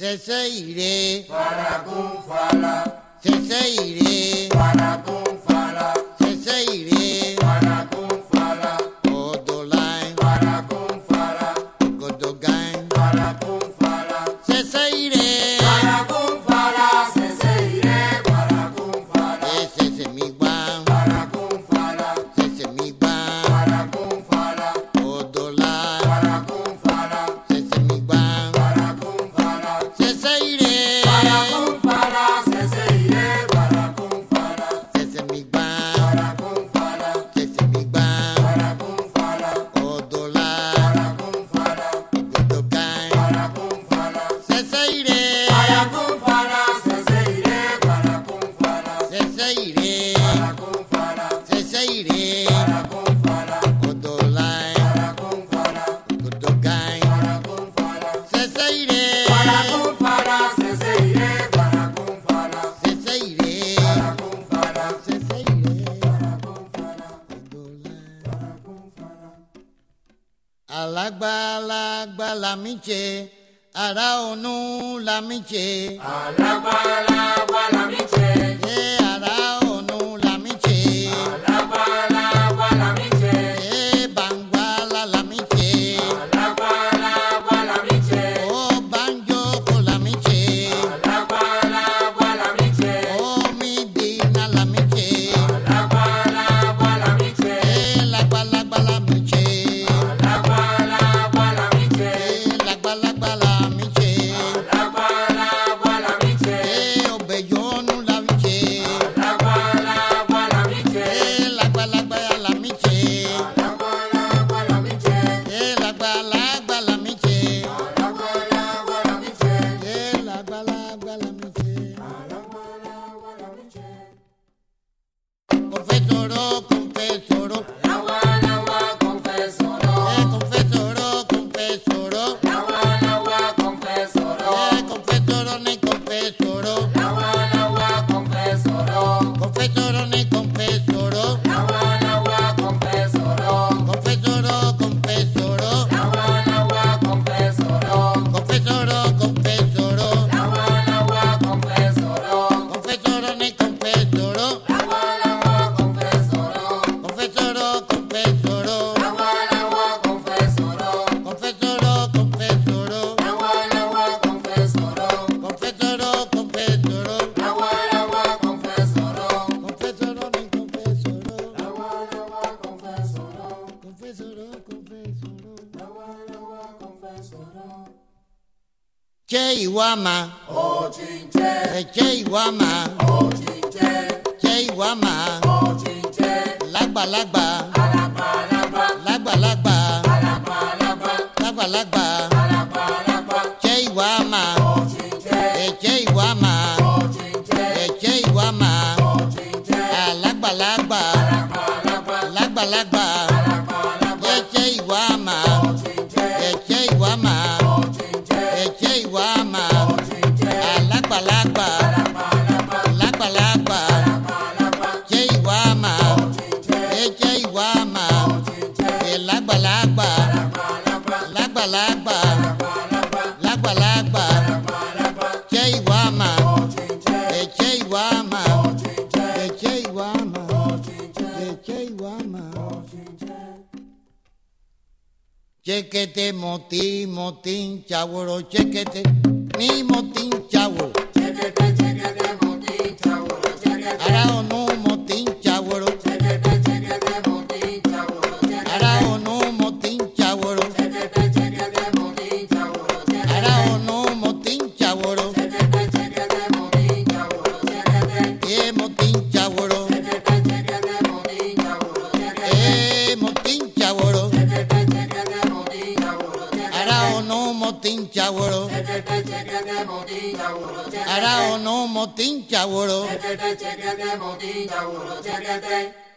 sẹsẹ ire. farakun fala. sẹsẹ ire. farakun fala. sẹsẹ ire. alagbalagba lamiche ara onu lamiche. alagbalagba lamiche. Che Iguama. Oh, chinche. Che Iguama. Oh, chinche. Che Iguama. Oh, chinche. Lagba, lagba. Alagba, alagba. Lagba, lagba. Lagba, lagba. Alagba, Che Iguama. Oh, chinche. Che Iguama. Oh, chinche. Che Iguama. Oh, chinche. Alagba, lagba. Alagba, alagba. Lagba, lagba. Alagba, alagba. Che Iguama. La lagba la lagba la lagba che guama, che che che chequete moti motín chequete mi motín chaburo Parao no motín chaburo. Chete, chete, chete, motín chaburo, chete.